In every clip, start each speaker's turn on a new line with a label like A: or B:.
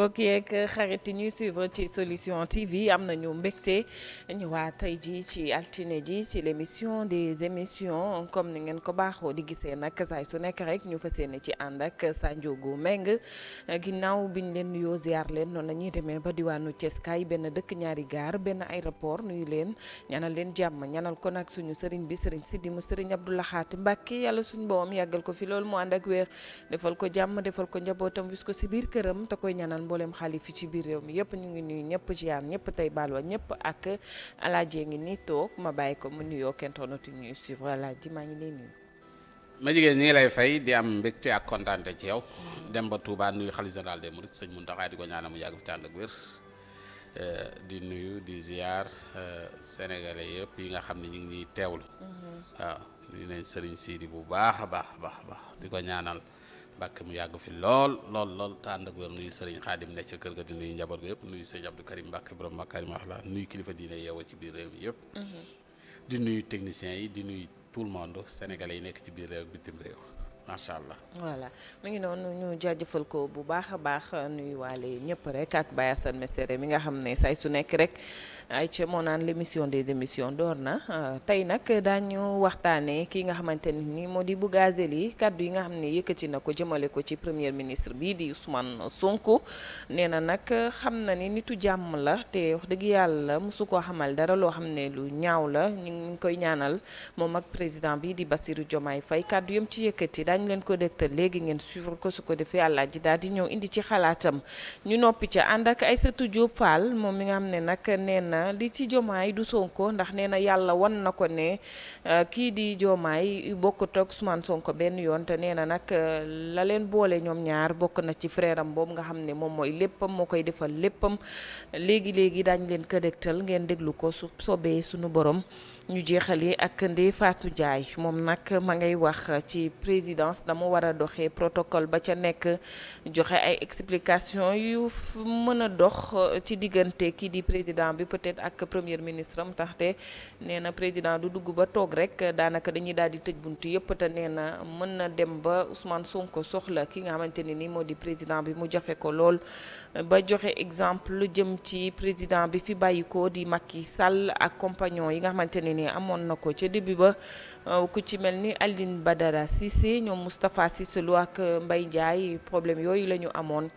A: mbokk yeeg xarit yi ñuy suivre ci solution TV am nañu mbégte ñëwaat tey jii ci altine ji ci l' émission des émissions comme ni ngeen ko baaxoo di gisee nag saay su nekk rek ñu fas yéene ci ànd ak Sa Ndiogou Mbengue ginnaaw biñ leen nuyoo ziar leen noonu la ñuy demee ba diwaanu Thiès kaay benn dëkk ñaari gaar benn aéroport nuyu leen ñaanal leen jàmm ñaanal ko nag suñu sëriñ bi sëriñ Sidi mu sëriñ Abdou Lahat Mbacké yàlla suñu boom yàggal ko fi loolu mu ànd ak wéer ko jàmm defal ko njabootam wis ko si biir këram mboolem xalif yi ci biir réew mi yëpp ñu ngi nuyu ñëpp ci yaar ñëpp tey balwa ñëpp ak alaajee ngi nii toog ma bàyyi ko mu nuyoo kenn tonatu ñuy suivre alaaji maa ngi lay nuyu.
B: ma jigéen ñi ngi lay fay di am mbégte ak kontaante ci yow dem ba Touba nuyu xalif général des mourides sëñ Mountakha di ko ñaanal mu yàgg fi tànd ak euh, di nuyu di ziar euh, sénégalais yëpp yi nga xam ni ñu ngi ñuy teewlu mhm. waaw ñu ne sëriñ Sidi bu baax a baax a baax di ko ñaanal. Mbàkke mu yàgg fi lool lool lool te ànd ak wér nuyu sëriñ xaadim ne ca kër ga di nuyu njaboot ga yëpp nuyu sëriñ Abdou Karim Mbàkke borom Makaarim Axlaaq nuyu kilifa diine yeewoo ci biir réew mi yëpp mhm. di nuyu techniciens yi di nuy tout le monde sénégalais yi nekk ci biir réew bitim réew macha allah.
A: voilà mu ngi noonu ñu jaajëfal ko bu baax a baax nuyuwaale ñëpp rek ak Baye Assane Mesere mi nga xam ne say su nekk rek. ayca moo naan l'émission des émissions door na ah, tey nag daañu waxtaanee kii nga xamante ne ni moo di Bougazeli kaddu yi nga xam ne yëkkati na ko jëmale ko ci premier ministre bi di Ousmane sunk nee na nag xam na ni nitu jàmm la te wax dëgg yàlla mosu koo xamal dara loo xam ne lu ñaaw la ñu ngi koy ñaanal moom ak président bi di Bassirou Diomaye Faye kaddu yam ci yëkkati daañu leen ko dégtal léegi ngeen suivre ko su ko def yàlla ji daal di ñëw indi ci xalaatam ñu noppi ca ànd ak Aïssatou Diop Fall moom mi nga xam ne nag nee na li ci jomaay du Sonko ndax nee na yàlla wan na ko ne euh, kii di jomaay bokkut ak Ousmane Sonko benn yoon te nee na nag euh, la leen boole ñoom ñaar bokk na ci freeram am boobu nga xam ne moom mooy léppam moo koy defal léppam léegi léegi daañ leen ko dégtal ngeen déglu ko su sobee sunu borom. ñu jeexalee ak Ndeye faatu jaay moom nag ma ngay wax ci présidence dama war a doxee protocole ba ca nekk joxe ay explication yu mën a dox euh, ci diggante kii di président bi peut-être ak première ministre am taxte nee na président du dugg ba toog rek daanaka dañuy daal di tëj bunt yëpp te nee na mën na dem ba Ousmane Sonko soxla ki nga xamante ne ni moo di président bi mu jafe ko lool. ba joxe exemple lu jëm ci président bi fi bàyyi ko di yi Sall ak compagnon yi nga xamante ne ni amoon na ko ca début ba euh, ku ci mel ni Aline Badara Cissé ñoom Moustapha Cissé Lo ak mbay Ndiaye problème yooyu lañu amoon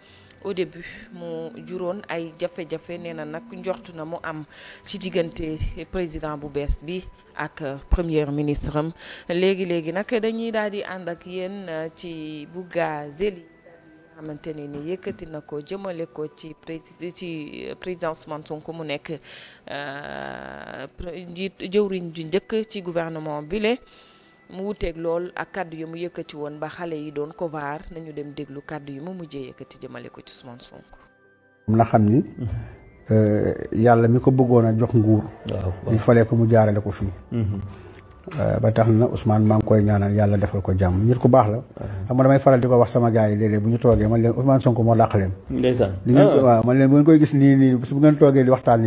A: au début mu juróon ay jafe-jafe nee na nag njort na mu am ci diggante président bu bees bi ak premier ministre am léegi léegi nag dañuy daal di ànd ak yéen euh, ci Bouga Zéli xamante ne ni yëkkati na ko jëmale ko ci ci président Ousmane Sonko mu nekk euh, njiit jëwriñ ju njëkk ci gouvernement bile mu wuteeg lool ak kàddu yi mu yëkkati woon ba xale yi doon ko baar nañu dem déglu kàddu yi mu mujjee yëkkati jëmale ko ci Ousmane Sonko.
C: am na xam ni. Mhm. Euh, yàlla mi ko bëggoon a jox nguur. waaw falee ko mu jaarale ko fii. Mhm. Euh, ba tax na Ousmane maa ngi koy ñaanal yàlla defal ko jàmm nit ku baax la xam nga damay faral di ko wax sama gars yi léeg-léeg bu ñu toogee man leen Ousmane Sonko moo dàq leen ah. leen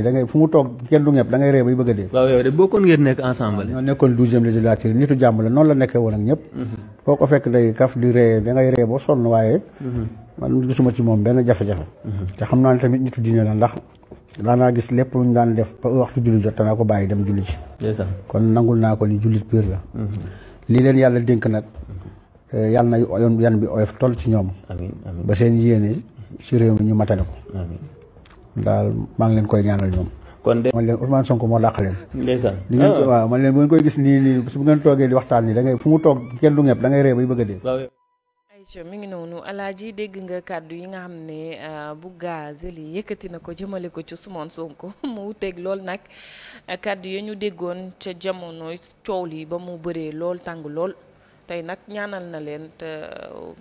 C: da ngay fu mu toog kenn du ñëpp da ngay ree bay a dee nekkoon douzième législature nitu jàmm la noonu la nekkee woon ak ñëpp mm-hmm. foo ko fekk day kaf di ree da ree boo sonn waaye mm-hmm. man gisuma ci moom benn jafe-jafe mm-hmm. te xam naa tamit nitu diine la ndax daanaa gis lépp ñu daan def ba waxtu julli jot danaa ko bàyyi dem julli ci kon nangul naa ko ni jullit piir la mm-hmm. lii leen yàlla dénk nag eh, yàlla na yoon yan bi oyof toll ci ñoom ba seen yéene ci réew mi ñu matale ko daal maa ngi leen koy ñaanal ñoom kon de man leen Ousmane Sonko moo dàq leen
D: ndeysaan li ngeen ah. waaw
C: man leen bu koy gis nii nii su ngeen toogee di waxtaan nii dangay fu mu toog kenn du ñepp da ngay ree bay bëgg
D: dee
A: ci mi ngi noonu alaaji dégg nga kàddu yi nga xam ne euh, Bouga Zélie yëkkati na ko jëmale ko ci Ousmane Sonko mu wuteeg lool nag kàddu ya ñu déggoon ca jamono coow li ba mu bëree lool tàng lool tey nag ñaanal na leen te euh,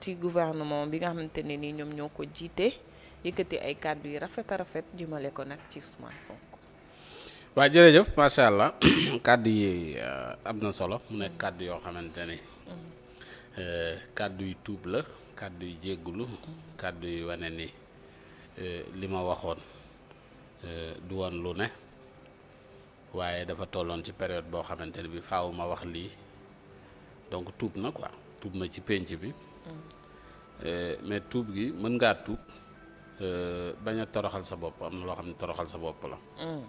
A: ci gouvernement bi nga xamante ne nii ñoom ñoo ko jiite yëkkati ay kàddu yi rafet a rafet jëmale ko nag ci Ousmane Sonko.
B: waaw jërëjëf macha allah kàddu yi euh, am na solo mu nekk kàddu yoo xamante ne. Euh, kàddu yu tuub la kàddu yu jéggulu kàddu yu wane ni euh, li ma waxoon euh, du woon lu ne waaye dafa tolloon ci période boo xamante ne bi faawuma wax lii donc tuub na quoi tuub na ci pénc bi mm. mais tuub gi mën ngaa tuub bañ a toroxal sa bopp am na loo xam ne toroxal sa bopp la mm.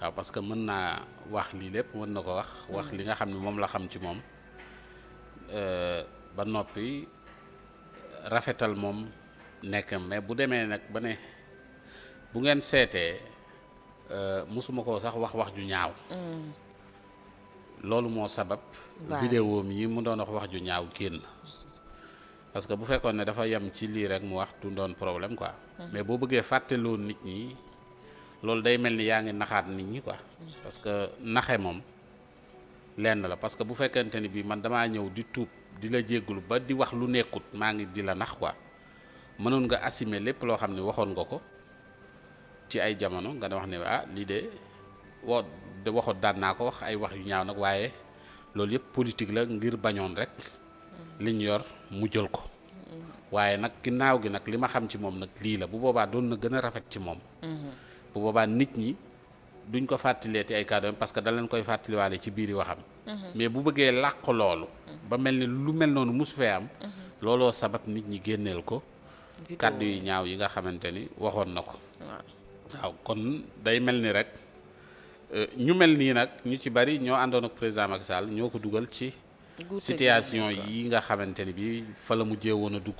B: waaw parce que mën naa wax lii lépp mën na ko wax wax mm. li nga xam ne moom la xam ci moom ba noppi rafetal moom nekkam mais bu demee nag ba ne bu ngeen seetee euh, mosuma koo sax wax wax ju ñaaw mm. loolu moo sabab vidéo yi mu doon wax wax ju ñaaw génn parce que bu fekkoon ne dafa yem ci lii rek mu waxtu doon problème quoi mm. mais boo bëggee fàtteloo nit ñi loolu day mel ni yaa ngi naxaat nit ñi quoi mm. parce que naxe moom lenn la parce que bu fekkente ni bii man damaa ñëw di tuub di la jéggul ba di wax lu nekkut maa ngi di la nax quoi mënoon nga assumer lépp loo xam ne waxoon nga ko ci ay jamono nga ne wax ne ah lii de woo waxoon daan naa ko wax ay wax yu ñaaw nag waaye loolu yëpp politique la ngir bañoon rek mm-hmm. liñ yor mu jël ko mm-hmm. waaye nag ginnaaw gi nag li ma xam ci moom nag lii la bu boobaa doon na gën a rafet ci moom mm-hmm. bu boobaa nit ñi duñ ko fàttileeti ay kàddoom parce que da leen koy fàttaliwaale ci biiri waxam Mhm. mais bu bëggee làq loolu. Mhm. ba mel ni lu mel noonu mosu fee am. Mhm. looloo sabab nit ñi génneel ko. kàddu yu ñaaw yi nga xamante ni waxoon na ko. waaw kon day mel ni rek euh, ñu mel nii nag ñu ci bari ñoo àndoon ak président Macky Sall ñoo ko dugal ci. situation yi nga xamante ni bi fa la mu jéewoon a dugg.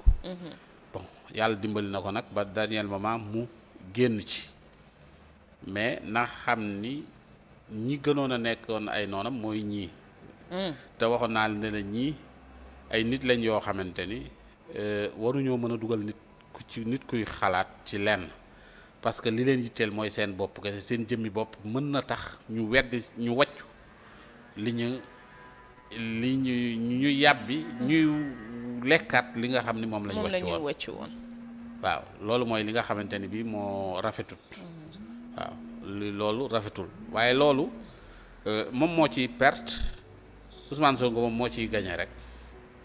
B: yàlla dimbali na ko nag ba dernier moment mu génn ci mais na xam ni. ñi gënoon a nekkoon ay noonam mooy ñii. Hmm. te waxoon naa ne la ñii ay nit lañ yoo xamante ni euh, waruñoo mën a dugal nit ci nit kuy xalaat ci lenn parce que li leen yitteel mooy seen bopp kese seen jëmmi bopp mën na tax ñu weddi ñu wacc li ñu li ñuy ñu yàbbi ñuy lekkaat li nga xam ni moom la ñu wàccu woon waaw loolu mooy li nga xamante ni bii moo rafetut hmm. waaw loolu rafetul waaye loolu euh, moom moo ciy perte Ousmane Sonko moom moo ciy gañe rek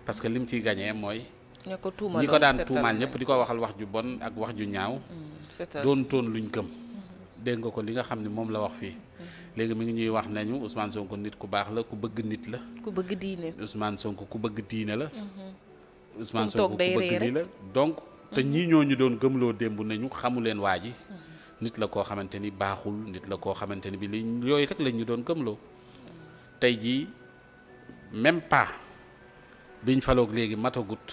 B: parce que lim ciy gañe mooy. ñi ko daan tuumaal ñëpp di ko waxal wax ju bon ak wax ju ñaaw. Mm, doon toon luñ gëm. Mm-hmm. dégg nga ko li nga xam ne moom la wax fii. Mm-hmm. léegi mu ngi ñuy wax nañu Ousmane Sonko nit ku baax la ku bëgg nit la. ku bëgg diine Ousmane Sonko ku bëgg diine la.
D: Mm-hmm.
B: Ousmane Sonko ku bëgg diine la donc. te ñii ñoo ñu doon gëmloo démb nañu xamu waa ji. nit la koo xamante ni baaxul nit la koo xamante ni bi li yooyu rek lañ ñu doon gëmloo tey jii même pas biñ faloog léegi matagut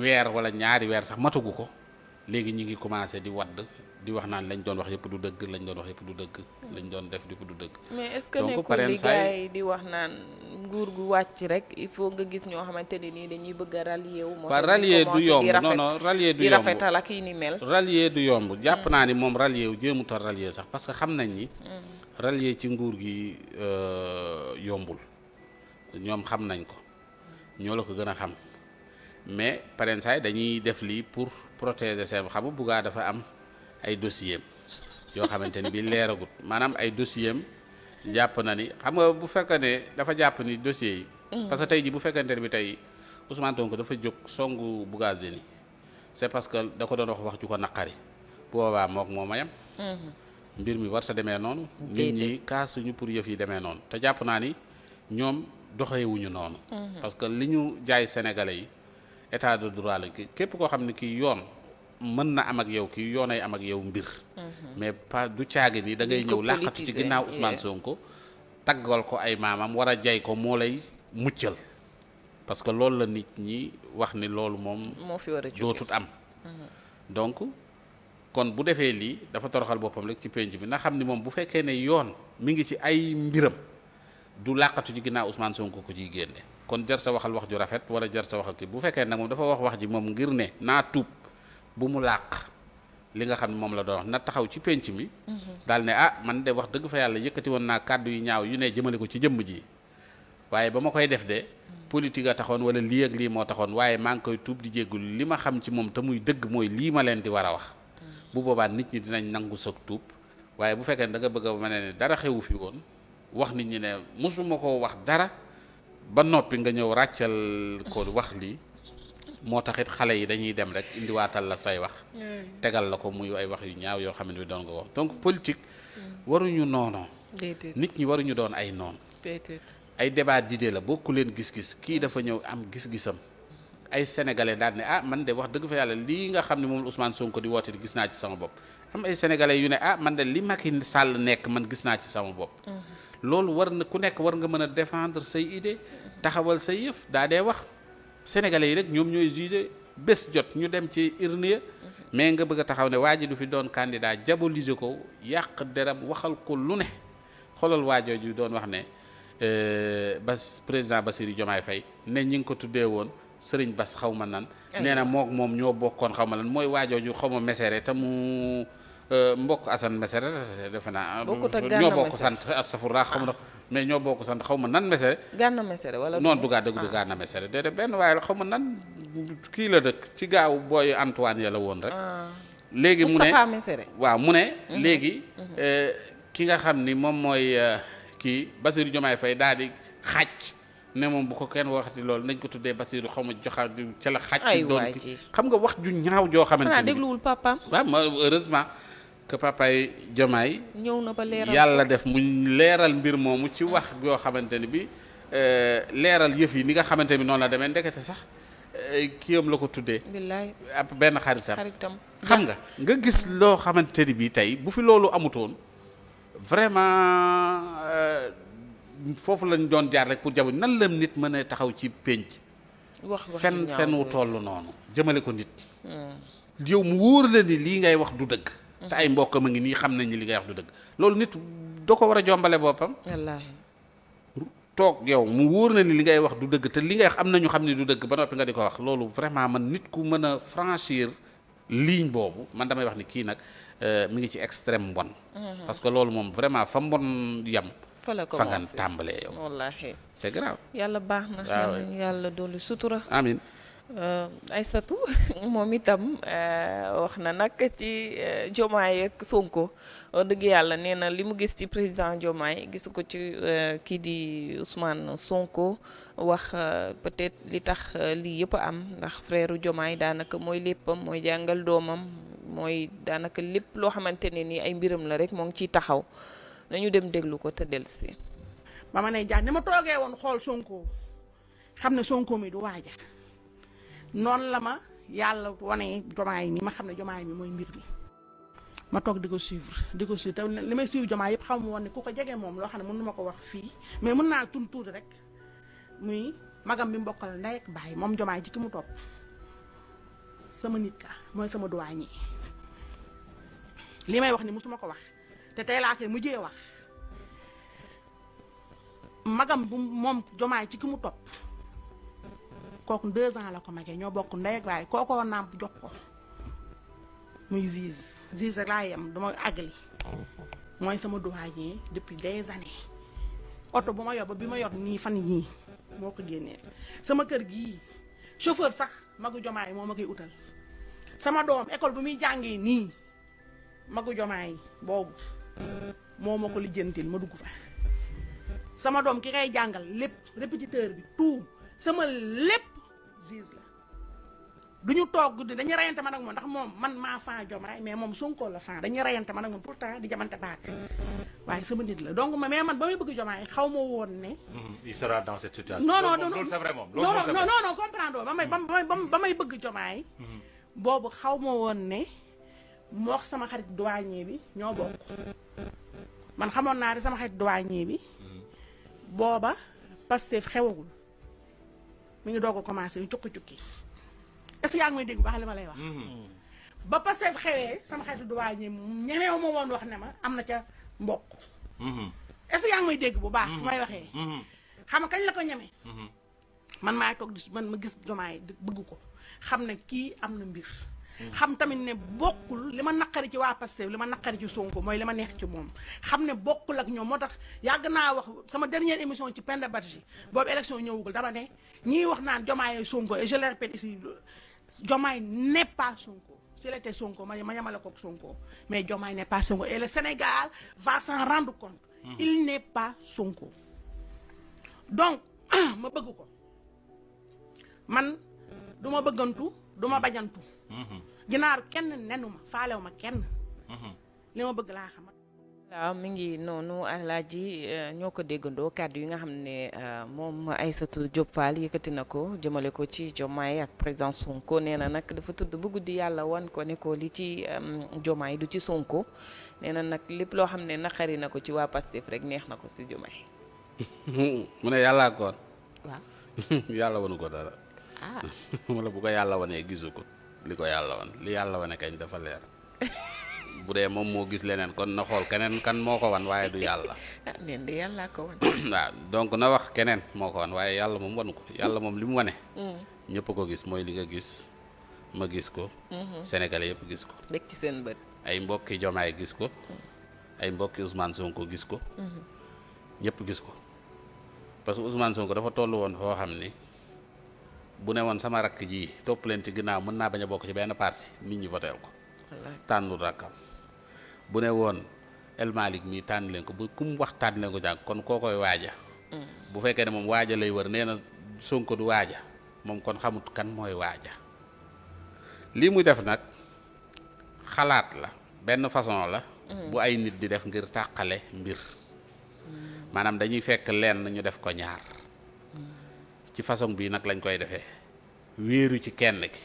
B: weer wala ñaari weer sax matagu ko léegi ñu ngi commencé di wadd di wax naan lañ doon wax yëpp du dëgg lañ doon wax yëpp du doon def yëpp du dëgg. mais est-ce que nekkul li gars yi
A: di wax naan nguur gu wàcc rek il faut nga gis ñoo xamante ne nii dañuy bëgg a rallier wu. moo rallier du yomb non non rallier ak yi ni mel.
B: rallier du yomb jàpp mm. naa ni moom rallier wu jéemu tar rallier sax parce que xam nañ ni. Mm. rallier ci nguur gi euh, yombul ñoom xam nañ ko ñoo la ko gën a xam mais parents dañuy def lii pour protéger seen xam buggaa dafa am. ay dossier yoo xamante ni bi leeragut maanaam ay dossier jàpp na ni xam nga bu fekkee ne dafa jàpp ni dossier yi. Mm. parce que tey ji bu fekkente ne bi tey Ousmane Sonko dafa jóg songu Bougazeli c'est parce que da ko doon wax wax ko naqari boobaa mook moo mayam
D: mm-hmm.
B: mi war sa demee noonu. nit ñi kaasuñu pour yëf yi demee noonu te jàpp naa ni ñoom doxewuñu noonu. Mm-hmm. parce que li ñu jaay sénégalais yi état de droit képp koo xam ne kii yoon mën na am ak yow kii yoonay am ak yow mbir mhm. mais pas du caagi ni da ngay ñëw làqatu ci ginnaaw Ousmane eh. Sonko taggal ko ay maamam war a jay ko moo lay muccal parce que loolu la nit ñi wax ni loolu moom moo fi war a dootut am mhm. donc kon bu defee lii dafa toroxal boppam rek ci penc bi na xam ni moom bu fekkee ne yoon mi ngi ci ay mbiram du làqatu ci ginnaaw Ousmane Sonko ko ciy génne kon jar sa waxal wax ju rafet wala jar sa waxal kii bu fekkee nag moom dafa wax wax ji moom ngir ne naa tuub bu mu làq li nga xam ne moom la doon wax na taxaw ci pénc mi mhm. daal ne ah man de wax dëgg fa yàlla yëkkati woon naa kàddu yu ñaaw yu ne jëmale ko ci jëmm ji waaye ba ma koy def de mhm. politique a taxoon wala lii ak lii moo taxoon waaye maa ngi koy tuub di jéggul li ma xam ci moom te muy dëgg mooy lii ma leen di war a wax mhm. bu boobaa nit ñi dinañ nangu sag tuub waaye bu fekkee ne da nga bëgg a ma ne dara xewu fi woon wax nit ñi ne mosuma koo wax dara ba noppi nga ñëw ràccal ko wax lii moo tax it xale yi dañuy dem rek indiwaatal la say wax mm. tegal la ko muy ay wax yu ñaaw yoo xam ne bi doon nga wax donc politique
D: mm.
B: waruñu noonoo nit ñi waruñu doon ay noon ay débat d'idée la bokk leen gis-gis kii dafa ñëw am gis-gisam ay sénégalais daan ne ah man de wax dëgg fa yàlla lii nga xam ne moom Ousmane Sonko di woote gis naa ci sama bopp am ay sénégalais yu ne ah man de li Macky sàll nekk man gis naa ci sama bopp mm-hmm. loolu war na ku nekk war nga mën a sénégalais yi rek ñoom ñooy jugé bés jot ñu dem ci urne ya mais nga bëgg a taxaw ne waa ji du fi doon candidat diaboliser ko yàq deram waxal ko lu ne xoolal waajoo ju doon wax ne euh, bas président Bassirou jomaay fay ne ñi ngi ko tuddee woon sëriñ Bas xaw ma nan nee na mook moom ñoo bokkoon xaw ma lan mooy waajoo ju xaw ma mesere te mu euh, mbokk Assane mesere defe naa ñoo bokk sant astafurlah xam na mais ñoo bokk sant xaw ma nan mesere.
A: gànna mesere wala. noonu du gaa dëgg du gànna
B: mesere déedéet benn waaye la xaw ma nan kii la dëkk ci gaaw booy Antoine ya la woon rek. Ah. léegi mu ne waaw mu ne. Mhm. léegi mhm. Euh, ki nga xam ni moom mooy euh, kii Bassirou jomaay fay daal di xaaj ne moom bu ko kenn waxati loolu nañ ko tuddee Bassirou xaw ma joxa ca la xaaj. ci doon xam nga wax ju ñaaw joo. xamante ni dégluwul papaam waaw ma heureusement. que papaay Jomaay.
A: ñëw na ba leeral yàlla
B: def mu leeral mbir moomu ci wax yoo xamante ni bi euh, leeral yëf yi ni nga xamante ni noonu la demee ndekete sax euh, kiyam la ko tuddee. billaay ab benn xaritam xaritam. xam nga nga gis loo xamante ni bi tey bu fi loolu amutoon vraiment euh, foofu lañ doon jaar rek pour jabu nan la nit mën a taxaw ci pénc
A: wax fen fen wu toll
B: noonu jëmale ko nit. Hmm. yow mu wóor la ni lii ngay wax du dëgg. te ay mbokkam a ngi nii xam nañ ni li ngay wax du dëgg loolu nit da ko war a jombale boppam. wallaahi. toog yow mu wóor na ni li ngay wax du dëgg te li ngay wax am na ñu xam ne du dëgg ba noppi nga di ko wax loolu vraiment man nit ku mën a franchir ligne boobu man damay wax ni kii nag euh, mu ngi ci extrême mbon. Mhm. parce que loolu moom vraiment fa mbon yam. fa la commencé fa nga tàmbalee yow. wallaahi c'est grave.
A: yàlla baax na. waaw ah yàlla dolli sutura. amiin. ay euh, Aïssatou moom itam euh, wax na nag ci euh, Diomaye ak Sonko dëgg yàlla nee na li mu gis ci président Diomaye gisu ko ci kii di Ousmane Sonko wax peut-être li tax lii yëpp am ndax frère Diomaye daanaka mooy léppam mooy jàngal doomam mooy daanaka lépp loo xamante ne ni ay mbiram la rek moo ngi ciy taxaw nañu dem déglu ko te dellusi.
E: ba ma ne jaan ni ma toogee woon xool Sonko xam ne Sonko mi du waaja noonu la ma yàlla wane jomaay mi ma xam ne jomaay mi mooy mbir mi ma toog di ko suivre di ko suivre te li may suivre jomaay yëpp xamu woon ne ku ko jege moom loo xam ne mënu ma ko wax fii mais mën naa tun tuuti rek muy magam bi mu bokkal ndey ak moom jomaay ci ki mu topp sama nit mooy sama duwaañ li may wax ni musuma ko wax te tey laa koy mujjee wax magam bu moom jomaay ci ki mu topp kooku deux ans la ko magee ñoo bokk ndey ak baay kookoo nàmp jox ko muy Ziz Ziz rek laa yem dama àggali mooy sama doyen depuis des années oto bu ma yor bi ma yor nii fan yii moo ko génneel sama kër gi chauffeur sax magu jomaay moo ma koy utal sama doom école bu muy jàngee nii magu jomaay boobu moo ma ko lijjantil ma dugg fa sama doom ki kay jàngal lépp répétiteur bi tout sama lépp juge la du ñu toog guddi dañuy rayante ma nag moom ndax moom man maa faa jom ray mais moom Sonko la faa dañuy rayante man ak moom pourtant di jamante baak waaye sama nit la donc ma mais man ba bëgg jomaay xaw ma woon ne.
B: Mm-hmm. il sera dans cette situation. non non non loolu c'est vrai moom. loolu c'est
E: vrai non ba may bëgg jomaay. Mm-hmm. boobu xaw ma woon ne moox sama xarit douanier bi ñoo bokk man xamoon naa ne sama xarit douanier bi. Mm-hmm. booba Pastef xewagul. mi ngi doog a commencé ñu cukki cukki est-ce que yaa ngi may dégg bu baax li ma lay wax.
D: Mm-hmm. Mm-hmm.
E: ba Pastef xewee sama xeetu duwaay ñi ñemewu ma woon wax ne ma am na ca mbokk. Mm-hmm. est-ce que may dégg bu baax. fu may waxee. xam nga kañ la ko ñeme. man maay toog di man ma gis jomaay bëgg ko xam na kii am na mbir. xam tamit ne bokkul li ma naqari ci waa Pastef li ma naqari ci Sonko mooy li ma neex ci moom xam ne bokkul ak ñoom moo tax yàgg naa wax sama dernière émission ci Penda Badji boobu élection ñëwugul dama ne ñii wax naan Diomaye Sonko et je le répète ici Diomaye n'est pas Sonko s'il était Sonko ma yemale ko ak mais Diomaye n'est pas Sonko et le Sénégal va cent rendre compte mmh. il n'est pas Sonko donc ma bëgg ko man du ma bëggantu du ma bajantu ginaaru kenn nenu ma ma kenn mhm. li ma bëgg laa xam waaw mi ngi noonu alaaji eh, ñoo ko
A: déggandoo kàddu yi nga xam ne eh, moom ay Diop Fall yëkkati na ko jëmale ko ci Diomaye ak président Sonko nee na nag dafa tudd bu guddi yàlla wan ko ne ko li ci Diomaye du ci Sonko nee na nag lépp loo xam ne naqari na ko ci waa Pastef rek neex na ko si Diomaye
B: mu ne yàllaa koon ah. ko yàlla wanee gisu ko li ko yàlla wan li yàlla wane kañ dafa leer bu dee moom moo gis leneen kon na xool keneen kan moo ko wan waaye du yàlla.
A: ah neen de yàlla ko
B: waaw donc na wax keneen moo ko wan waaye yàlla moom wanu ko yàlla moom li mu wane. Mm. ñëpp ko gis mooy li nga gis ma gis ko. Mm-hmm. Sénégalais yëpp gis ko. dëkk ay mbokki Jomaay gis ko. Mm. ay mbokki Ousmane Sonko gis ko. Mm-hmm. ñëpp gis ko parce que Sonko dafa toll woon foo xam ni. bu ne woon sama rakk ji topp leen ci ginnaaw mën naa bañ a bokk ci benn parti nit ñi voteel ko. tànnul rakkam bu ne woon El Malick mii tànn leen ko bu ku mu wax tànn leen ko jàng kon koo koy waaja. Mm. bu fekkee ne moom waaja lay wër nee na Sonko du waaja moom kon xamut kan mooy waaja lii muy def nag xalaat la benn façon la. Mm. bu ay nit di def ngir tàqale mbir. Mm. maanaam dañuy fekk lenn ñu def ko ñaar. ci façon bii nag lañ koy defee wéeru ci kenn ki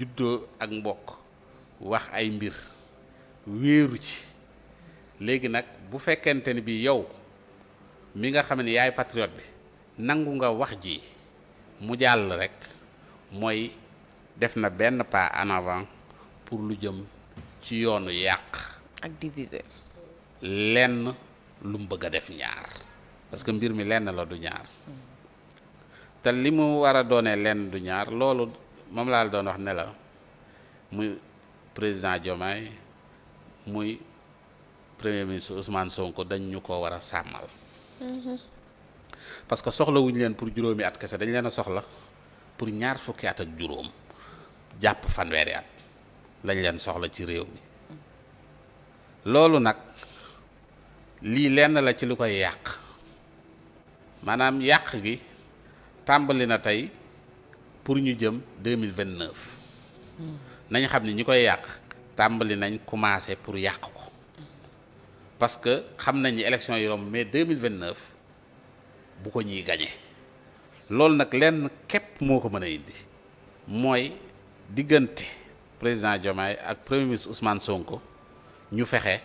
B: juddoo ak mbokk wax ay mbir wéeru ci léegi nag bu fekkente ni bi yow mi nga xam ni yaay patriote bi nangu nga wax ji mu jàll rek mooy def na benn pas en avant pour lu jëm ci yoonu yàq ak diviser lenn lu mu bëgg a def ñaar parce que mbir mi lenn la du ñaar hmm. te li mu war a doonee lenn du ñaar loolu moom laa doon wax ne la muy président Diomaye muy premier ministre Ousmane Sonko dañ ñu ko war a sàmmal. Mhm. parce que soxlawuñu leen pour juróomi at kese dañ leen a soxla pour ñaar fukki at ak juróom jàpp fanweeri at lañ leen soxla ci réew mi loolu nag lii lenn la ci lu koy yàq maanaam yàq gi. tàmbali na tey pour ñu jëm deux mille vingt neuf nañ xam ni ñi koy yàq tàmbali nañ commencé pour yàq ko parce que xam nañ ni élection yi mais deux mille vingt neuf bu ko ñuy gañe loolu nag lenn képp moo ko mën a indi mooy diggante président Diomaye ak premier ministre Ousmane Sonko ñu fexe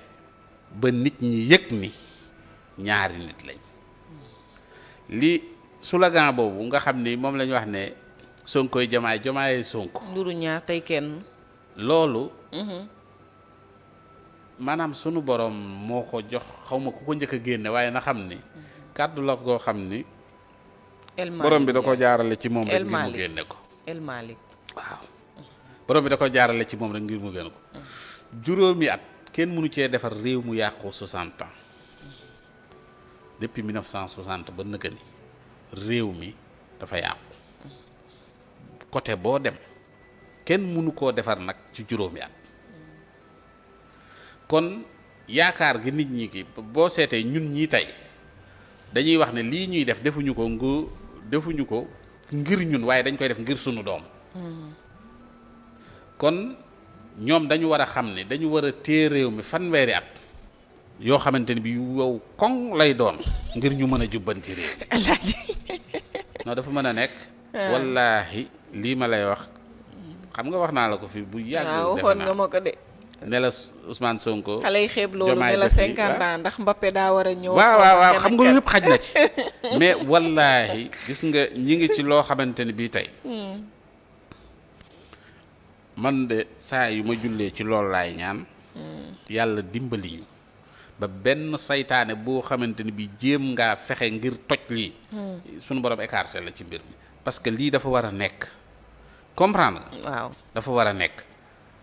B: ba nit ñi yëg ni ñaari nit lañ li slogan boobu nga xam ni moom la wax ne Sonkoy jamaay jamaayee Sonko. nduru ñaar tey kenn. loolu. Mhm. maanaam sunu borom moo ko jox xaw ma ku ko njëkk a génne waaye na xam ni. kàddu la koo xam ni.
A: borom bi da ko jaarale ci moom rek ngir mu génne ko. El Malick waaw.
B: bi da jaarale ci moom rek ngir mu génne ko. juróomi at kenn mënu cee defar réew mu yàqu 60 ans depuis 1960 ba nëkk ni réew mi dafa yàqu côté boo dem kenn mënu koo defar nag ci juróomi at kon yaakaar gi nit ñi ki boo seetee ñun ñii tey dañuy wax ne lii ñuy def defuñu ko ngu defuñu ko ngir ñun waaye dañ koy def ngir sunu doom hmm. kon ñoom dañu war a xam ne dañu war a téye réew mi fanweeri at yoo xamante ni bi yow koŋ lay doon ngir ñu mën a jubbanti réew non dafa mën a nekk. wallaahi lii ma lay wax xam nga wax naa la ko fi bu yàgg. waaw waxoon nga ma ko de. ne la Ousmane Sonko. xale la 50
A: ndax Mbappé daa war a ñëw. waaw waaw xam nga lu yëpp xaj na ci.
B: mais wallaahi gis nga ñi ngi ci loo xamante ni bii tey. Hmm. man de saa yu ma jullee ci loolu laay ñaan. Hmm. yàlla dimbali ñu. ba benn seytaane boo xamante ni bi jéem ngaa fexe ngir toj lii hmm. suñu borom écarté la ci mbir mi parce que lii dafa war a nekk comprendre waaw dafa war a nekk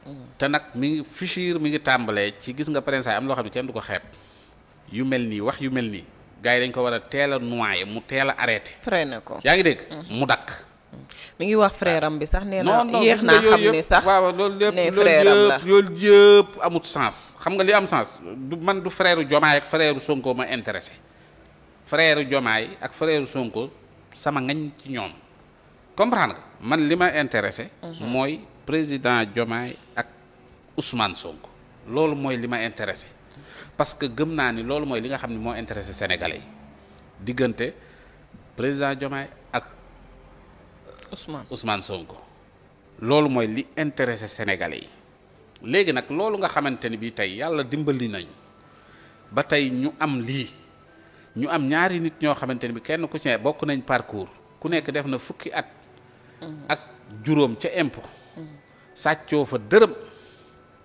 B: hmm. te nag mi ngi fichir mi ngi tàmbalee ci gis nga prince am loo xam ne kenn du ko xeeb yu mel nii wax yu mel nii gars yi dañ ko war a teela a noyé mu teel a arrêté freiné ko yaa ngi dégg hmm. mu dakk
A: mi ngi wax freeram bi sax nee na yéex naa xam ne sax waaw loolu lépp ne frère am la
B: loolu yëpp amut sens xam nga li am sens du man du frère jomaay ak frère Sonko ma intéressé frère jomaay ak frère Sonko sama ngañ ci ñoom comprend nga man li ma intéressé mhm. mooy président jomaay ak Ousmane sonk loolu mooy li ma intéressé parce que gëm naa ni loolu mooy li nga xam ni moo intéressé sénégalais yi diggante président jomaay Ousmane Ousmane Sonko. loolu mooy li intéressé Sénégalais yi léegi nag loolu nga xamante ni bii tey yàlla dimbali nañu ba tey ñu am lii ñu am ñaari nit ñoo xamante ni bi kenn ku ci bokk nañ parcours ku nekk def na fukki at. Mm-hmm. ak juróom ca impo mm-hmm. sàccoo fa dërëm.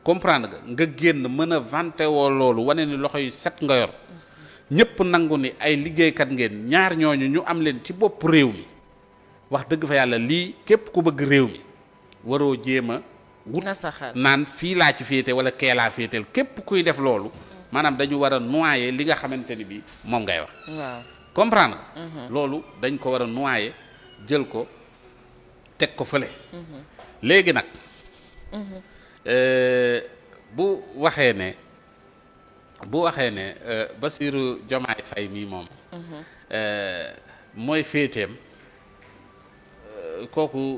B: comprendre nga nga génn mën a vanté woo loolu wane ni loxo yi set nga yor mm-hmm. ñëpp nangu ni ay liggéeykat ngeen ñaar ñooñu ñu am leen ci bopp réew mi. wax dëgg fa yàlla lii képp ku bëgg réew mi waroo jéem a wut naan fii laa ci féete wala kee laa féeteel képp kuy def loolu maanaam dañu war a noyé li nga xamante ni bi moom ngay wax waaw comprendre mhm. loolu dañ ko war a noyé jël ko teg ko fële mhm. léegi nag mhm. euh, bu waxee ne bu waxee ne euh, Bassirou Diomaye Faye mii moom euh, mooy féeteem kooku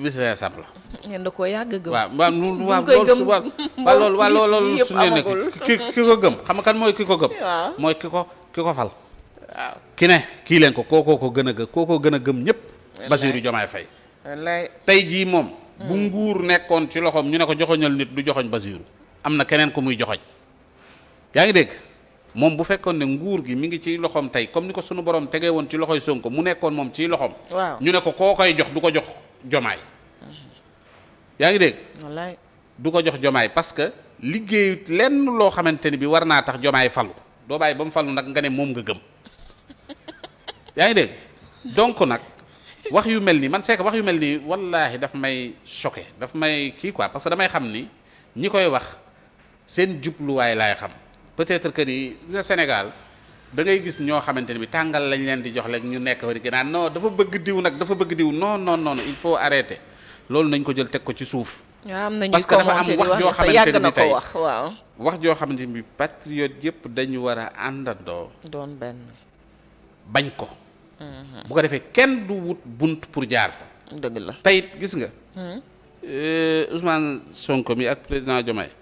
B: bis la yasab la.
A: ngeen da koo yàgg gëm. waaw waaw loolu waaw loolu waaw loolu loolu su ne ki ki
B: ko gëm xam nga kan mooy ki ko gëm. mooy ki ko ki ko fal. waaw ki ne kii leen ko kookoo ko gën a gëm kookoo gën a gëm ñëpp. Basiiru Jomaay Fay. wallaay tey jii moom. bu hmm. nguur nekkoon ci loxoom ñu ne ko joxoñal nit du joxoñ Basiiru am na keneen ku muy joxoñ yaa ngi dégg. moom bu fekkoon ne nguur gi mi ngi ci loxoom tey comme ni ko sunu borom tegee woon ci loxoy Sonko mu nekkoon moom ci loxoom. waaw ñu ne ko koo koy jox du ko jox jomaay. yaa ngi dégg. wallaay du ko jox jomaay parce que liggéeyut lenn loo xamante ni bi war naa tax jomaay falu doo bàyyi ba mu falu nag nga ne moom nga gëm yaa ngi dégg donc nag wax yu mel nii man c'est wax yu mel nii wallaahi daf may choqué daf may kii quoi parce que damay xam ni ñi koy wax seen jubluwaay laay xam. peut-être que ni Sénégal da ngay gis ñoo xamante ni bi tàngal lañ leen di jox rek ñu nekk fari ki naan dafa bëgg diw nag dafa bëgg diw non non non il faut arrêter loolu nañ ko jël teg ko ci suuf
A: parce que dafa am wax joo xamante ni tey waaw
B: wax joo xamante ni bi patriote yëpp dañu war a àndandoo doon benn bañ ko mhm. bu ko defee kenn du wut bunt pour jaar fa dëgg la tey gis nga hmm? euh, Ousmane Sonko mi ak président Diomaye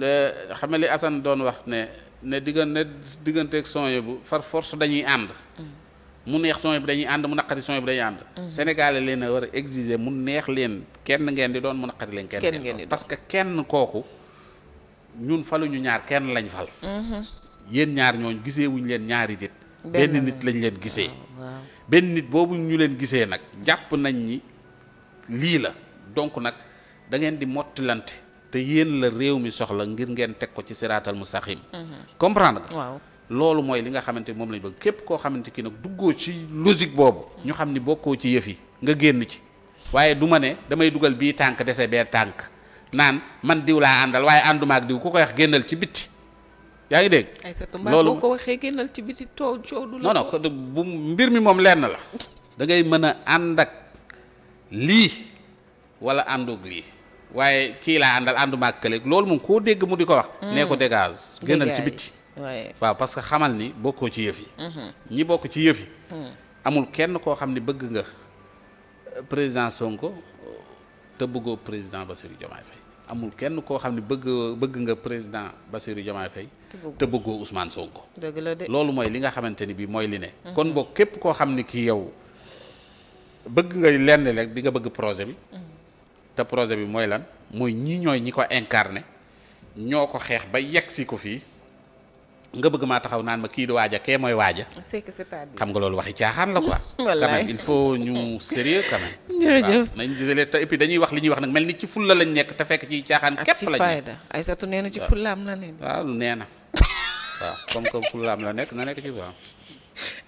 B: xam nga li Assane doon wax ne ne diggante ne digganteeg son bu far force dañuy ànd. Mm. mu neex son bi dañuy ànd mu naqari son bi dañuy ànd. Mm. Sénégalais leen a war a exiger mu neex leen kenn ngeen di doon mu naqari leen. kenn ngeen di parce que kenn kooku ñun faluñu ñaar kenn lañ fal. Mm-hmm. yéen ñaar ñooñ gisee leen ñaari nit.
D: benn nit lañ
B: leen gisee. Oh, benn nit boobu ñu leen gisee nag jàpp nañ ni lii la donc nag da ngeen di mottilante. te yéen la réew mi soxla ngir ngeen teg ko ci siraatal mustaqim mhm. comprendre nga waaw loolu mooy li nga xamante moom lañ bëgg képp koo xamante ki nag duggoo ci logique boobu mhm. ñu xam ni bokkoo ci yëf yi nga génn ci waaye du ma ne damay dugal bii tànk dese bee tànk naan man diw laa àndal waaye ànduma ak diw ku ko wax génnal ci bitti yaa ngi dégg
A: loolu boo ko waxee génnal ci bitti toow coow du la non
B: non mbir mi moom lenn la da ngay mën a ànd ak lii wala àndoog lii waaye kii laa àndal ànduma ak kële loolu moom koo dégg mu di ko wax. Mm. nee ko dégage génnal ci bitti. waaw parce que xamal ni bokkoo ci yëf yi. Mm-hmm. ñi bokk ci yëf yi. Mm. amul kenn koo xam ne bëgg nga euh, président Sonko te bëggoo président Bassirou Diomaye Faye amul kenn koo xam ne bëgg bëgg nga président Bassirou Diomaye Faye te bëggoo Ousmane Sonko. dëgg la de loolu mooy li nga xamante ni bii mooy li ne. Mm-hmm. kon boog képp koo xam ne kii yow bëgg nga lenn rek di nga bëgg projet bi. Mm-hmm. te projet bi mooy lan mooy ñii ñooy ñi ko incarné ñoo ko xeex ba yegg si ko fii nga bëgg maa taxaw naan ma kii du waaja kee mooy waaja. xam nga loolu waxi caaxaan la quoi. quand même il faut ñu sérieux quand même. jërëjëf nañ gisale te et puis dañuy wax li ñuy wax nag mel ni ci fulla lañ nekk te fekk ci caaxaan. képp lañ nekk ak ci fayda Aysatu nee na ci fulla am la ne. waaw nee na waaw comme que fulla am la nekk na nekk ci waaw.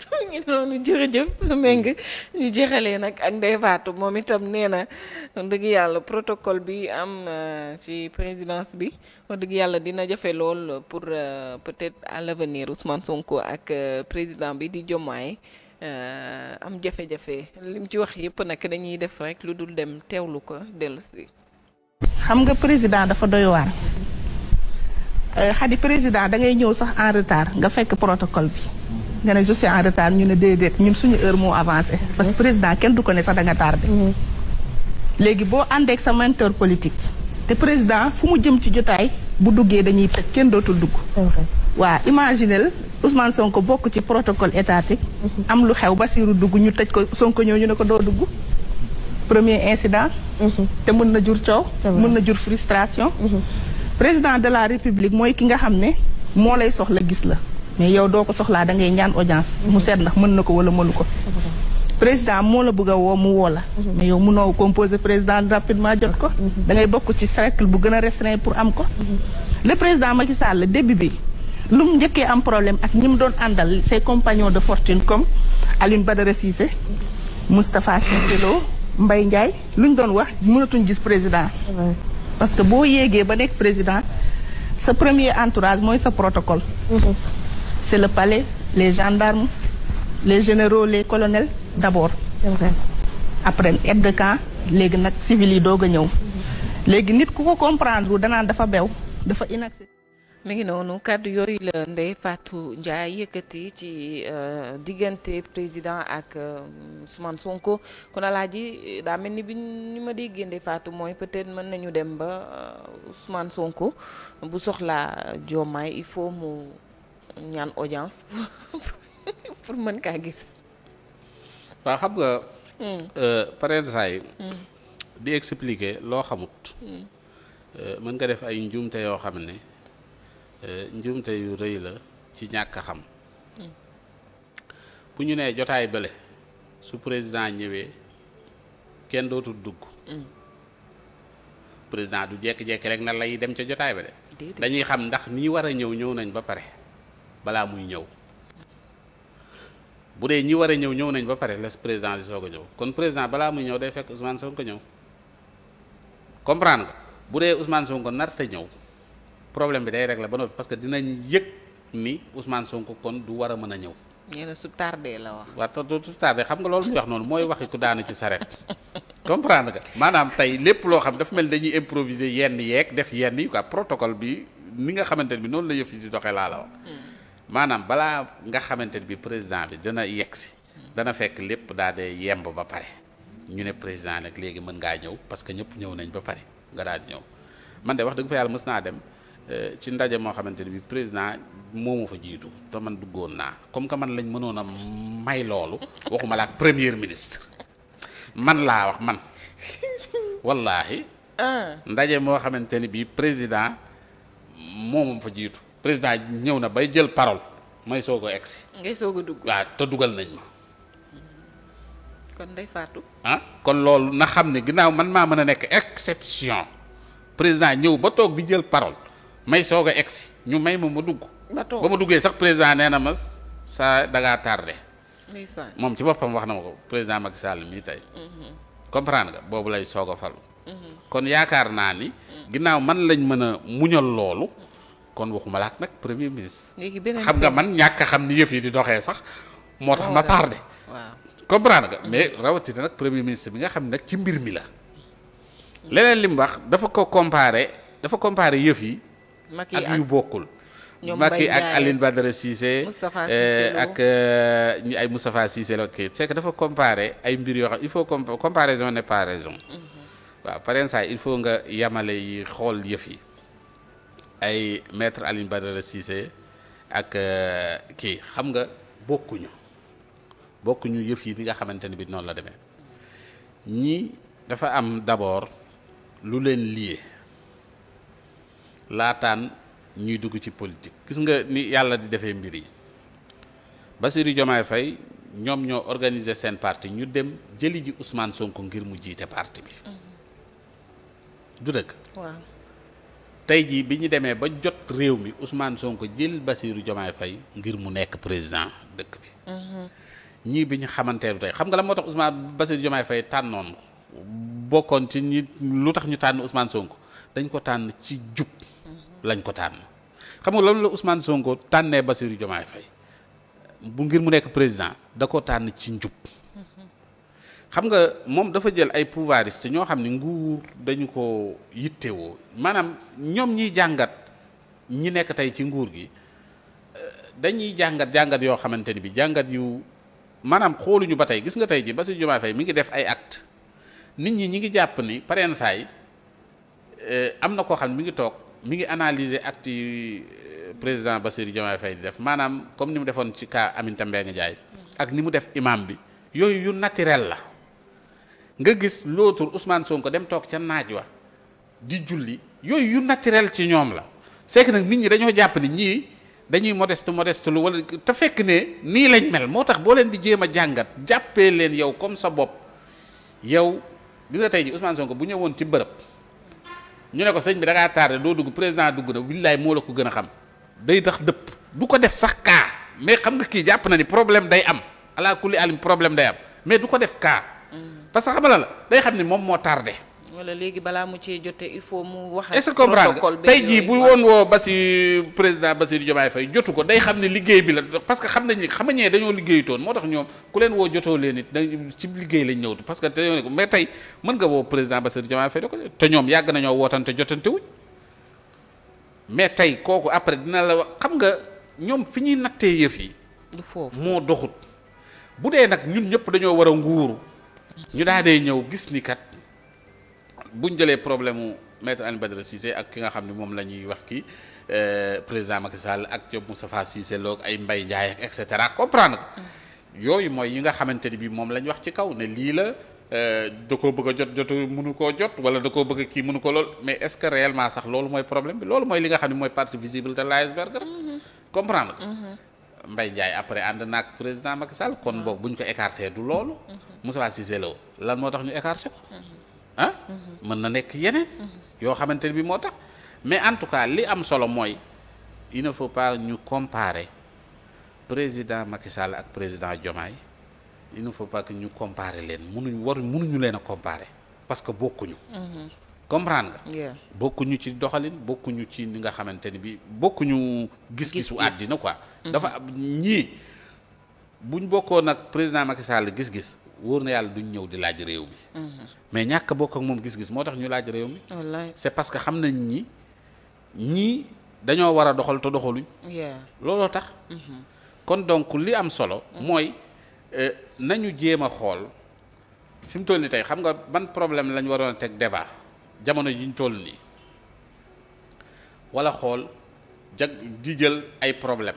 A: ngi noonu jërëjëf méng ñu jexalee nag ak Ndeye Fatou moom itam nee na dëgg yàlla protocole bi am ci présidence bi wax dëgg yàlla dina jafe lool pour euh, peut-être à l'avenir Ousmane Sonko ak euh, président bi di Diomaye euh, am jafe-jafe lim ci wax yëpp nag dañuy def rekk lu dul dem teewlu ko dellu
F: xam nga président dafa doy waar. xadi président da ngay ñëw sax en retard nga fekk protocole bi. nga ne je ñu ne déedéet ñun suñu heure moo avancé. parce que président kenn du ko ne sax da nga tardé. Mm-hmm. léegi boo àndeek sa menteur politique. te président fu mu jëm ci jotaay bu duggee dañuy taj kenn dootul dugg. waa imaginel Ousmane Sonko bokk ci protocole étatique. Mm-hmm. am lu xew Basiru dugg ñu tëj ko Sonko ñëw ñu ne ko doo dugg. premier incident. Mm-hmm. te mën na jur coow. mën na jur frustration. président de la république mooy ki nga xam ne moo lay soxla gis la. mais yow doo ko soxlaa dangay ngay ñaan audience. mu seet ndax mën na ko wala mënu ko. président moo la bëgg a woo mu woo la. mais yow mënoo composé président rapidement jot ko. da ngay bokk ci cercle bu gën a restreint pour am ko. le président Macky Sall début bi lu mu njëkkee am problème ak ñi mu doon àndal ses compagnons de fortune comme Alioune Badara Cissé. Moustapha Cissé Lo mbay Ndiaye lu ñu doon wax mënatuñ gis président. parce que boo yéegee ba nekk président sa premier entourage mooy sa protocole. c'est le palais les gendarmes les généraux les colonels d'abord okay. après aide de camp léegi nag civil yi doog a ñëw léegi nit ku ko comprendre danaan dafa bew dafa inaccessible
A: mi ngi noonu kàddu yooyu la Ndeye Fatou yëkkati ci euh, diggante président ak euh, Ousmane Sonko kon alaaji daa mel ni bi ni ma déggee Ndeye Fatou mooy peut-être mën nañu dem ba euh, Ousmane Sonko bu soxla Diomaye il faut mu ñaan audience pour mën kaa gis.
B: waaw xam nga. Hmm. Euh, parents yi hmm. di expliquer loo xamut. Hmm. Euh, mën nga def ay njuumte yoo xam ne euh, njuumte yu rëy la ci ñàkk xam. bu ñu nee jotaay bële su président ñëwee kenn dootul dugg. président du jékki-jékki rek na lay dem ca jotaay ba de. dañuy xam ndax nii war a ñëw ñëw nañ ba pare. balaa muy ñëw bu dee ñi war a ñëw ñëw nañ ba pare les président di soog a ñëw kon président balaa muy ñëw day fekk Ousmane Sonko ñëw comprendre nga bu dee Ousmane Sonko narta ñëw problème bi day la ba noppi parce que dinañ yëg ni Ousmane Sonko kon du war a mën a ñëw.
A: ñu ne su tardé la
B: wax. waaw su tardé xam nga loolu muy wax noonu mooy waxi ku daanu ci saret comprendre nga maanaam tey lépp loo xam dafa mel ni dañuy improviser yenn yeeg def yenn yi quoi protocole bi ni nga xamante ne bi noonu la yëf di doxee laa maanaam balaa nga xamante ne bi président bi dana yegg si dana fekk lépp daal de yemb ba pare ñu ne président nag léegi mën ngaa ñëw parce que ñëpp ñëw nañ ba pare nga daal di ñëw man de wax dëgg fa yàlla mës naa dem euh, ci ndaje moo xamante ne bi président moomu fa jiitu te man duggoon naa comme que man lañ mënoon a may loolu waxuma la ak premier man laa wax man wallaahi. Ah. ndaje moo xamante ni bi président moomu fa jiitu président ñëw na bay jël parole may soog a egg si. ngay soog a dugg waaw te dugal nañ ma.
A: kon day faatu.
B: ah kon loolu na xam ne ginnaaw man maa mën a nekk exception président ñëw ba toog di jël parole may soog a si ñu may ma ma dugg. ba toog ma duggee sax président nee na ma saa da ngaa tardé. moom ci boppam wax na ma ko président Macky Sall mii tey. Mhm. comprendre nga boobu lay soog a
D: mhm.
B: kon yaakaar naa ni. Mhm. ginnaaw man lañ mën a muñal loolu. kon waxuma laak nag premier ministre. xam nga man ñàkk a xam ni yëf yi di doxee sax moo tax oh, ma tardé. waaw comprendre nga mais rawatina nag premier ministre bi nga xam ne nag ci mbir mi la. leneen li mu wax dafa ko comparé dafa comparé yëf yi. ak yu bokkul.
A: Macky ak Aline
B: Badara Cissé
A: eh, ak
B: euh, ñi ay Moustapha Cissé la kii c'est que dafa comparé ay mbir yoo xam il faut comparaison n'est pas raison. Mhm. waaw par exemple il faut nga yamale yi xool yëf yi. ay maître Alioune Badara Cissé ak euh, kii xam nga bokkuñu bokkuñu yëf yi ni nga xamante ne bi noonu la demee ñii dafa am d'abord lu leen lié laataan ñuy dugg ci politique gis nga ni yàlla di defee mbir yi Bassirou Diomaye fay ñoom ñoo organiser seen parti ñu dem jëli ji Ousmane Sonko ngir mu jiite parti bi.
D: Mm-hmm.
B: du dëgg. tey jii bi ñu demee ba jot réew mi Ousmane Sonko jël basiiru Diomaye Faye ngir mu nekk président dëkk bi. Mm-hmm. ñii bi ñu xamanteelu tey xam nga la moo tax usmaan Bassirou Diomaye Faye tànnoon bokkoon ci ñi lu tax ñu tànn Ousmane Sonko dañ ko tànn ci jub mm-hmm. lañ ko tànn xam nga loolu la Ousmane Sonko tànnee Bassirou Diomaye Faye bu ngir mu nekk président da ko tànn ci njub.
D: Mm-hmm.
B: xam nga moom dafa jël ay pouvoiriste ñoo xam ne nguur dañu ko yittewoo maanaam ñoom ñiy jàngat ñi nekk tey ci nguur gi euh, dañuy jàngat jàngat yoo xamante ni bi jàngat yu maanaam xooluñu ba tey gis nga tey ji Bassirou Diomaye Faye mi ngi def ay acte nit ñi ñi ngi jàpp ni pareen saay euh, am na koo xam ne mi ngi toog mi ngi analyser acte yi euh, président Bassirou Diomaye Faye di def maanaam comme ni mu defoon ci cas Aminata Mbengue Ndiaye ak ni mu def imam bi yooyu yu naturel la nga gis l'autre Ousmane Sonko dem toog ca naaj wa di julli yooyu yu naturel ci ñoom la c'est nag nit ñi dañoo jàpp ni ñii dañuy modeste modeste lu wala te fekk ne nii lañ mel moo tax boo leen di jéem a jàngat jàppee leen yow comme sa bopp yow gis nga tey ji Ousmane Sonko bu ñëwoon ci bërëb ñu ne ko sëñ bi da ngaa tardé doo dugg président dugg na willaay moo la ko gën a xam day tax dëpp du ko def sax kaa mais xam nga kii jàpp na ni problème day am alaa kulli alim problème day am mais du ko def cas parce que xamala la day xam ni moom moo tardé.
A: wala léegi balaa mu cee jotee il faut mu wax. est-ce que comprendre tey jii
B: bu woon woo Bassi président Bassirou Diomaye fay jotu ko day xam ne liggéey bi la parce que xam nañ xam nañ dañoo liggéeyutoon moo tax ñoom ku leen woo jotoo leen it dañ ci liggéey lañ ñëwut parce que dañoo ne ko mais tey mën nga woo président Bassirou Diomaye Faye da ko te ñoom yàgg nañoo tey kooku après dina la wax xam nga ñoom fi ñuy nattee yëf yi. moo doxut bu dee nag ñun ñëpp dañoo war a nguuru. ñu daal day ñëw gis ni kat buñ jëlee problème mu maître Alioune Badara Cissé ak ki nga xam ne moom la ñuy wax kii euh, président Macky Sall ak Diop Moustapha Cissé loog ay mbay Ndiaye ak et cetera comprendre yooyu mooy yi nga xamante ni bii moom la wax ci kaw ne lii la euh, da koo bëgg a jot jotu mënu koo jot wala da koo bëgg kii mënu ko lool mais est-ce que réellement sax loolu mooy problème bi loolu mooy li nga xam ne mooy partie visible de l'iceberg mm-hmm. comprendre Mbaye Ndiaye après ànd naag président Macky kon boog bu ñu ko écarté du loolu. Moussa Cissé la lan moo tax ñu écarté ko. ah mën na nekk yeneen. yoo xamante ne bii moo tax mais en tout cas li am solo mooy il ne faut pas ñu comparer président Macky Sall ak président Diomaye il ne faut pas que ñu comparer leen munuñ war munuñu leen a comparer que bokkuñu. comprendre nga. bokkuñu ci doxalin bokkuñu ci ni nga xamante ni bii bokkuñu. gis-gisu àddina quoi. dafa ñii buñ bokkoon ak président Macky Sall gis-gis wóor na yàlla duñ ñëw di laaj réew mi. mais ñàkk a bokk ak moom gis-gis moo tax ñu laaj réew mi. wallaay c'est parce que xam nañ ñi ñii dañoo war a doxal te doxaluñ. looloo tax. Mm-hmm. kon donc li am solo. mooy euh, nañu jéem a xool fi mu toll nii tey xam nga ban problème lañ waroon a teg débat jamono ji toll nii wala xool jag di jël ay problème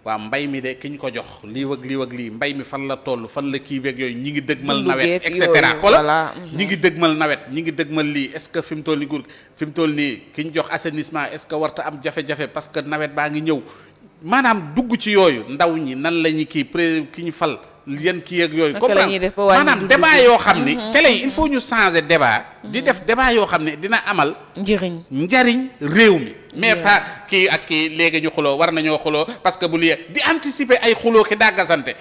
B: waa mbay mi de ki ñu ko jox lii wag lii wag lii mbay mi fan la toll fan la kii beeg yooyu ñi ngi dëgmal nawet et cetera xoola ñi ngi dëgmal nawet ñi ngi dëgmal lii est-ce que fi mu toll nii nguur fi toll nii ki ñu jox assainissement est-ce que warta am jafe-jafe parce que nawet baa ngi ñëw maanaam dugg ci yooyu ndaw ñi nan la ñu kii pré ki ñu fal yenn kii ak yooyu. comprendre maanaam débat yoo xam ni. Mm-hmm. télé yi il faut ñu changer débat. di mm-hmm. def débat yoo xam ne dina amal. njëriñ njariñ réew mi. mais pas kii ak kii léegi ñu xuloo war nañoo xuloo parce que bu lii di anticiper ay xuloo ki dàggasante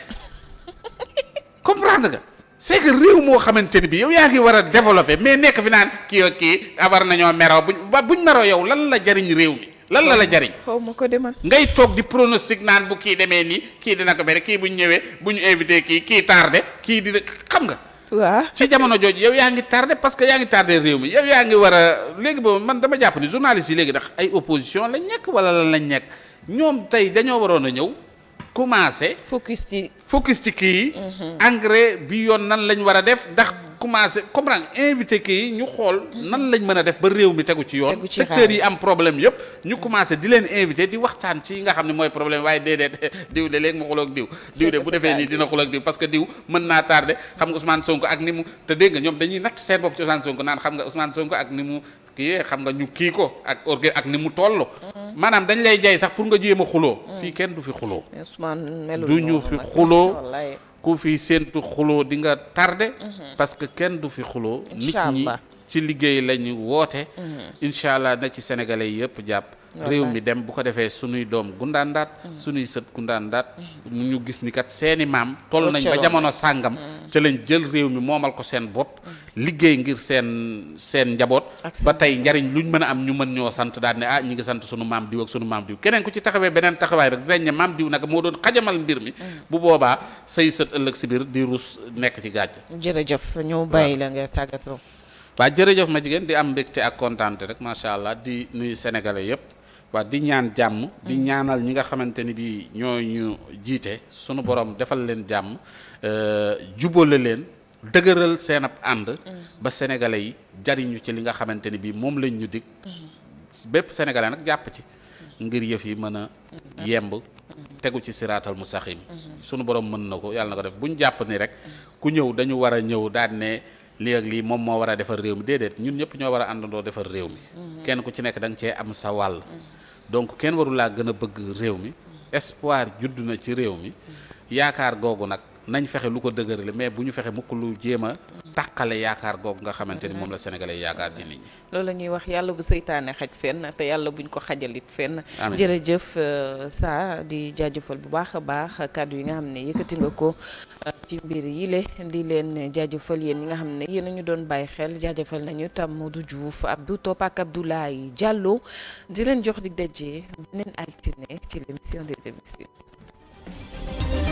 B: comprendre nga. c'est que réew moo xamante ni bi yow yaa ngi war a développer mais nekk fi naan kii ak kii ah, war nañoo meroo buñ ba buñ meroo yow lan la jariñ réew mi. lan la la jariñ
A: xaw ma ko de man
B: ngay toog di pronostic naan bu kii demee nii kii dina ko bere kii bu ñu ñëwee bu ñu invité kii kii tardé kii dina xam nga. waaw ci jamono jooj yow yaa ngi tardé parce que yaa ngi tardé réew mi yaw yaa ngi war a léegi boobu man dama jàpp ni journaliste yi léegi ndax ay opposition lañ nekk wala lan lañ nekk ñoom tey dañoo waroon a ñëw commencé. focus ci focus ci kii yi. engrais bi yoon nan lañ war a def ndax commencé comprendre invité kii yi ñu xool nan lañ mën a def ba réew mi tegu ci yoon. secteur yi am problème yëpp. ñu commencé di leen invité di waxtaan ci yi nga xam ne mooy problème waaye déedéet diw de léegi ma xuloo ak diw. diw de bu defee nii dina xuloo ak diw parce que diw mën naa tardé xam nga Ousmane Sonko ak ni mu te dégg ñoom dañuy natt seen bopp ci Ousmane Sonko naan xam nga Ousmane Sonko ak ni mu. kii xam nga ñu kii ko ak orgue ak ni mu toll. maanaam dañ lay jay sax pour nga jéem xuloo. Mm. fii kenn du fi xuloo.
A: du ñu fi xuloo.
B: ku fi séentu xuloo di nga tardé. Mm-hmm. parce que kenn du fi xuloo. nit ñi ci liggéey lañu woote. Mm-hmm. incha allah na ci sénégalais yëpp jàpp. réew mi dem bu ko defee sunuy doom gundaandaat mm. sunuy sët gundaandaat mu ñu gis ni kat seeni maam toll nañ ba jamono sàngam mm. ca lañ jël réew mi moomal ko seen bopp mm. liggéey ngir seen seen njaboot ba tey njariñ luñ mën a am ñu mën ñoo sant daal ne ah ñu ngi sant sunu maam diw ak sunu maam diw keneen ku ci taxawee beneen taxawaay rek dinañ ne maam diw nag moo doon xajamal mbir mi bu boobaa say sët ëllëg si biir di rus nekk ci gàcc
A: jërëjëf ñëw bàyyi la nga tàggatoo
B: waaw jërëjëf ma jigéen di am mbégte ak kontaante rek macha allah di nuyu sénégalais yëpp waa di ñaan jàmm di mm. ñaanal ñi nga xamante ni bi ñoo ñu jiite sunu borom defal leen jàmm euh, jubale leen dëgëral seen ab ànd mm. ba sénégalais yi jariñu ci li nga xamante ni bi moom lañ ñu dig mm. bépp sénégalais nag jàpp ci ngir yëf yi mën a yemb tegu ci siraatal mustaqiim sunu borom mën na ko yàlla na ko def bu ñu jàpp ni rek ku ñëw dañu war a ñëw daan ne lii ak lii moom moo war a defar réew mi déedéet ñun ñëpp ñoo war a àndandoo defar réew mi kenn ku ci nekk da nga cee am sa donc kenn waru laa gën a bëgg réew mi espoir juddu na ci réew mi yaakaar googu nag nañ fexe lu ko dëgërale mais bu ñu fexe mukk lu jéem a yaakaar googu nga xamante ni moom la sénégalais yi yaakaar ci nit
A: loolu la ñuy wax yàlla bu seytaane xaj fenn te yàlla buñ ko xajalit fenn jëf euh, saa di jaajëfal bu baax a baax kàddu yi nga xam ne yëkkati nga ko euh, ci mbir yi le di leen jaajëfal yéen ñi nga xam ne yéen a ñu doon bàyyi xel jaajëfal nañu tam Modou Diouf du Top ak Abdoulaye jàlloo di leen jox di dajee beneen altine ci l'émission des émissions